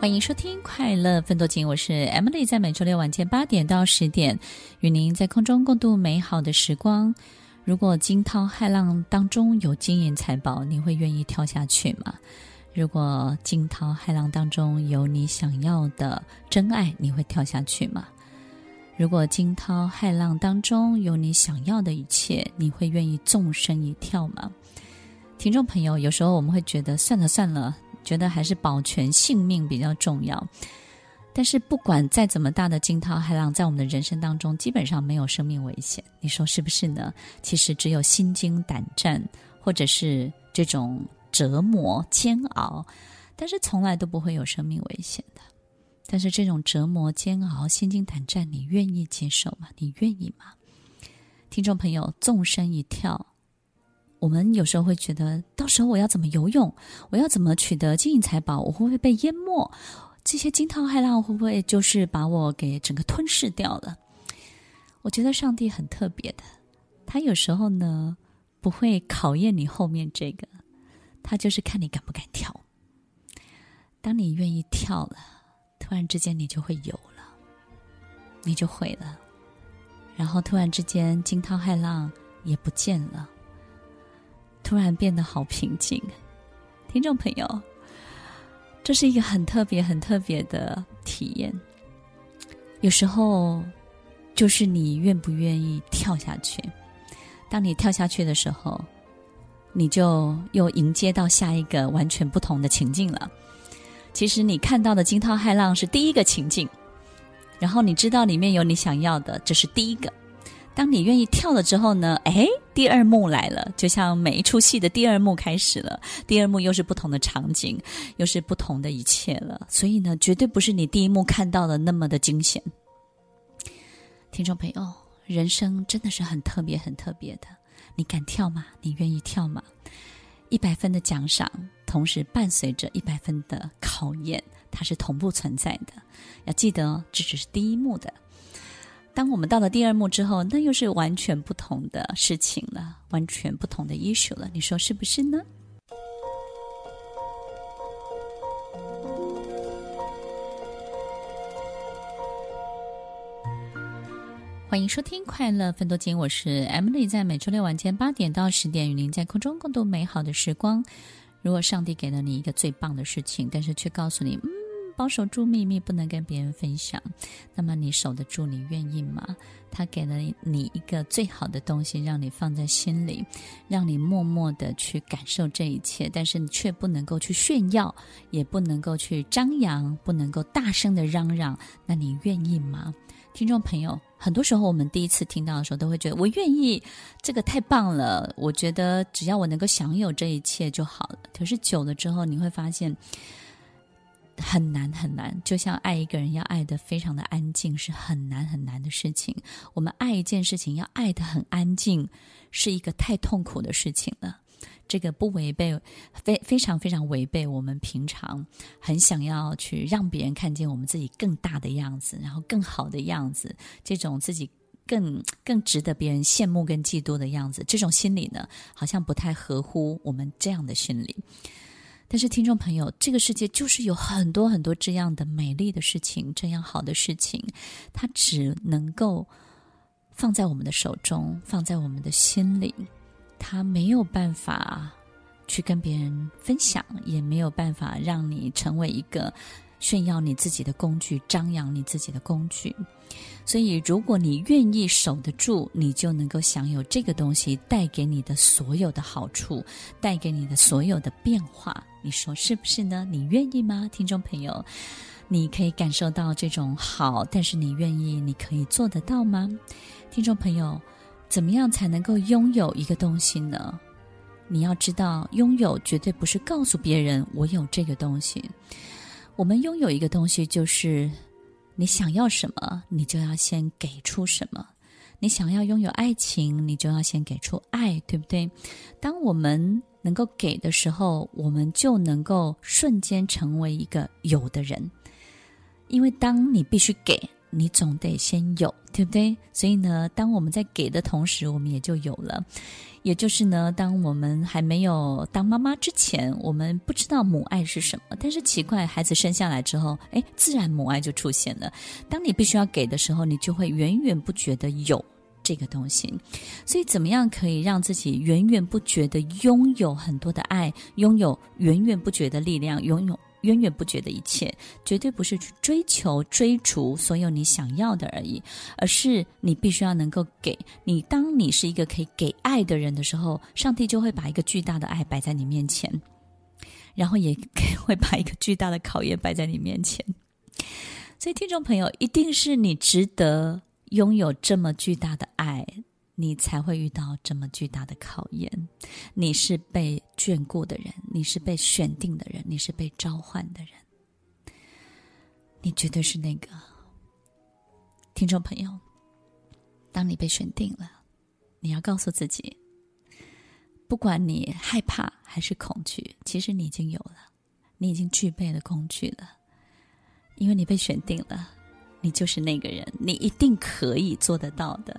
歡迎收聽《快樂奮鬥情》，我是 Emily，在每周六晚間八點到十點，與您在空中共度美好的時光。如果驚濤駭浪當中有金銀財寶，你會願意跳下去嗎？如果驚濤駭浪當中有你想要的真愛，你會跳下去嗎？如果驚濤駭浪當中有你想要的一切，你會願意縱身一跳嗎？聽眾朋友，有時候我們會覺得算了算了。覺得還是保全性命比較重要，但是不管再怎麼大的驚濤駭浪，在我們的人生當中，基本上沒有生命危險，你說是不是呢？其實只有心驚膽戰，或者是這種折磨、煎熬，但是從來都不會有生命危險的。但是這種折磨、煎熬、心驚膽戰，你願意接受嗎？你願意嗎？聽眾朋友，縱身一跳。我們有時候會覺得，到時候我要怎麼游泳？我要怎麼取得金銀財寶？我會不會被淹沒？這些驚濤駭浪會不會就是把我給整個吞噬掉了？我覺得上帝很特別的，他有時候呢不會考驗你後面這個，他就是看你敢不敢跳。當你願意跳了，突然之間你就會游了，你就會了，然後突然之間驚濤駭浪也不見了。突然變得好平靜，聽眾朋友，這是一個很特別、很特別的體驗。有時候，就是你願不願意跳下去。當你跳下去的時候，你就又迎接到下一個完全不同的情境了。其實你看到的驚濤駭浪是第一個情境，然後你知道裡面有你想要的，這是第一個。當你願意跳了之後呢？哎，第二幕來了，就像每一出戲的第二幕開始了。第二幕又是不同的場景，又是不同的一切了。所以呢，絕對不是你第一幕看到的那麼的驚險。聽眾朋友，人生真的是很特別、很特別的。你敢跳嗎？你願意跳嗎？一百分的獎賞，同時伴隨着一百分的考驗，它是同步存在的。要記得哦，這只是第一幕的。當我們到了第二幕之後，那又是完全不同的事情了，完全不同的 issue 了。你說是不是呢？歡迎收聽《快樂分多金》，我是 Emily，在每周六晚間八點到十點，與您在空中共度美好的時光。如果上帝給了你一個最棒的事情，但是卻告訴你。保守住祕密，不能跟別人分享。那麼你守得住，你願意嗎？他給了你一個最好的東西，讓你放在心裡，讓你默默地去感受這一切。但是你卻不能夠去炫耀，也不能夠去張揚，不能夠大聲地嚷嚷。那你願意嗎？聽眾朋友，很多時候我們第一次聽到的時候，都會覺得我願意，這個太棒了。我覺得只要我能夠享有這一切就好了。可是久了之後，你會發現。很難很難，就像愛一個人要愛得非常的安靜，是很難很難的事情。我們愛一件事情要愛得很安靜，是一個太痛苦的事情了。這個不違背，非非常非常違背我們平常很想要去讓別人看見我們自己更大的樣子，然後更好的樣子，這種自己更更值得別人羨慕跟嫉妒的樣子，這種心理呢，好像不太合乎我們這樣的心理。但是，聽眾朋友，這個世界就是有很多很多這樣的美麗的事情，這樣好的事情，它只能夠放在我們的手中，放在我們的心裡。它沒有辦法去跟別人分享，也沒有辦法讓你成為一個炫耀你自己的工具、張揚你自己的工具。所以，如果你願意守得住，你就能夠享有這個東西帶給你的所有的好處，帶給你的所有的變化。你說是不是呢？你願意嗎？聽眾朋友，你可以感受到這種好，但是你願意，你可以做得到嗎？聽眾朋友，怎麼樣才能夠擁有一個東西呢？你要知道，擁有絕對不是告訴別人我有這個東西。我們擁有一個東西，就是你想要什麼，你就要先給出什麼。你想要擁有愛情，你就要先給出愛，對不對？當我們能夠給的時候，我們就能夠瞬間成為一個有的人，因為當你必須給，你總得先有，對不對？所以呢，當我們在給的同時，我們也就有了。也就是呢，當我們還沒有當媽媽之前，我們不知道母愛是什麼，但是奇怪，孩子生下來之後，哎，自然母愛就出現了。當你必須要給的時候，你就會遠遠不覺得有。這個東西，所以怎麼樣可以讓自己源源不絕的擁有很多的愛，擁有源源不絕的力量，擁有源源不絕的一切？絕對不是去追求、追逐所有你想要的而已，而是你必須要能夠給。你當你是一個可以給愛的人的時候，上帝就會把一個巨大的愛擺在你面前，然後也會把一個巨大的考驗擺在你面前。所以，聽眾朋友，一定是你值得。擁有這麼巨大的愛，你才會遇到這麼巨大的考驗。你是被眷顧的人，你是被選定的人，你是被召喚的人。你絕對是那個。聽眾朋友，當你被選定了，你要告訴自己，不管你害怕還是恐懼，其實你已經有了，你已經具備了工具了，因為你被選定了。你就是那個人，你一定可以做得到的。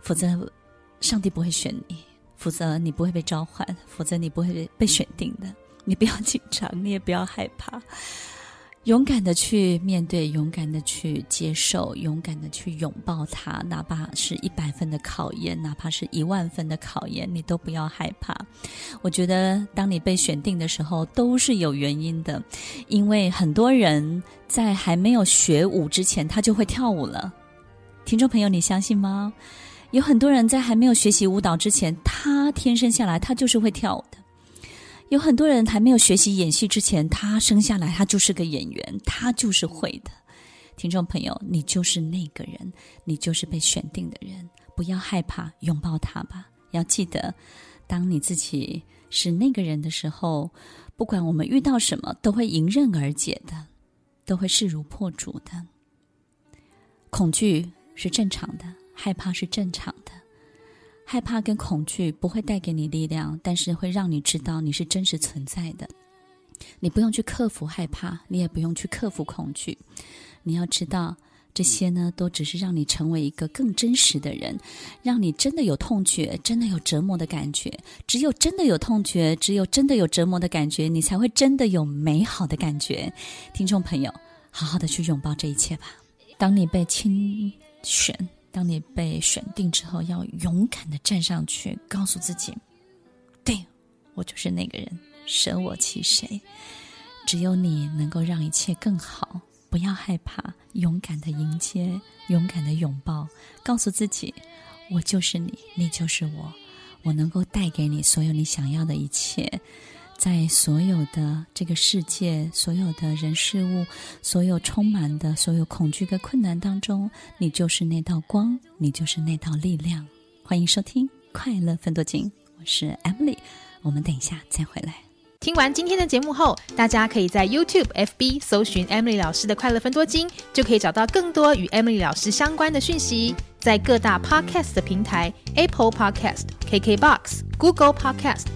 否則，上帝不會選你；否則，你不會被召喚；否則，你不會被選定的。你不要緊張，你也不要害怕。勇敢的去面對，勇敢的去接受，勇敢的去擁抱它，哪怕是一百分的考驗，哪怕是一萬分的考驗，你都不要害怕。我覺得，當你被選定的時候，都是有原因的。因為很多人在還沒有學舞之前，他就會跳舞了。聽眾朋友，你相信嗎？有很多人在還沒有學習舞蹈之前，他天生下來他就是會跳舞的。有很多人還沒有學習演戲之前，他生下來他就是個演員，他就是會的。聽眾朋友，你就是那個人，你就是被選定的人，不要害怕，擁抱他吧。要記得，當你自己是那個人的時候，不管我們遇到什麼，都會迎刃而解的，都會勢如破竹的。恐懼是正常的，害怕是正常的。害怕跟恐懼不會帶給你力量，但是會讓你知道你是真實存在的。你不用去克服害怕，你也不用去克服恐懼。你要知道，這些呢，都只是讓你成為一個更真實的人，讓你真的有痛覺，真的有折磨的感覺。只有真的有痛覺，只有真的有折磨的感覺，你才會真的有美好的感覺。聽眾朋友，好好的去擁抱這一切吧。當你被清選。當你被選定之後，要勇敢的站上去，告訴自己，對，我就是那個人，捨我其誰？只有你能夠讓一切更好。不要害怕，勇敢的迎接，勇敢的擁抱，告訴自己，我就是你，你就是我，我能夠帶給你所有你想要的一切。在所有的這個世界，所有的人事物，所有充滿的所有恐懼跟困難當中，你就是那道光，你就是那道力量。歡迎收聽《快樂分多金》，我是 Emily。我們等一下再回來。聽完今天的節目後，大家可以在 YouTube、FB 搜尋 Emily 老師的《快樂分多金》，就可以找到更多與 Emily 老師相關的訊息。在各大 Podcast 的平台，Apple Podcast、KKBox、Google Podcast。